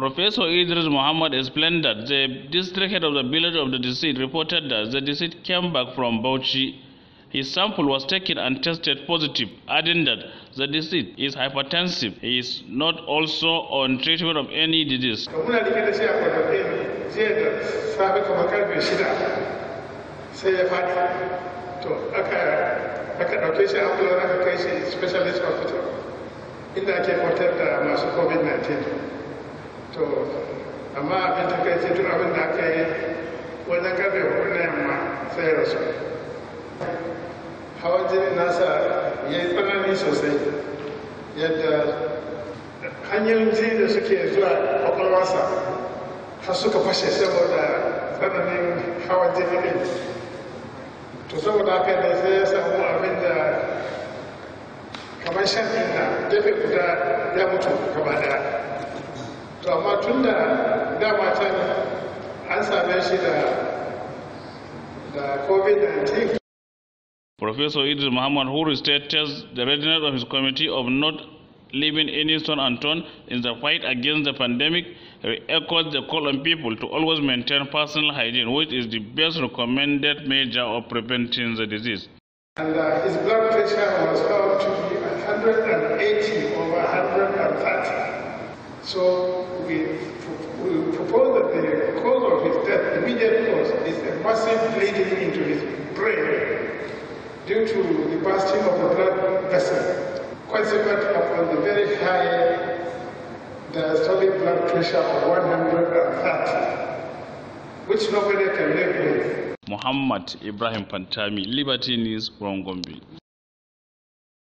Professor Idris Muhammad explained that the district head of the village of the deceased reported that the deceased came back from Bauchi. His sample was taken and tested positive, adding that the deceased is hypertensive. He is not also on treatment of any disease. to specialist hospital inda ake kwatar covid-19 to amma abin ta kai tun abin da aka yi wajen karfe kuna yamma sai rasu hawan jini nasa ya yi tsanani sosai yadda hanyar jini da suke zuwa kwakwalwarsa har suka fashe saboda tsananin hawan jini ne to saboda aka ne sai ya samu abin da kamar shan ina jefe guda ya mutu gaba daya to amma dama can an same shi da covid-19 Professor Idris Muhammad who states the readiness of his committee of not leaving any stone unturned in the fight against the pandemic echoes the call on people to always maintain personal hygiene, which is the best recommended measure of preventing the disease. And uh, his blood pressure was found to be 180 over 130. So we, propose that the cause of his death, immediate cause, is a massive bleeding into his brain due to the bursting of the blood vessel, consequent upon the very high diastolic blood pressure of 130, which nobody can live with. Muhammad Ibrahim Pantami, Liberty News from Gombe.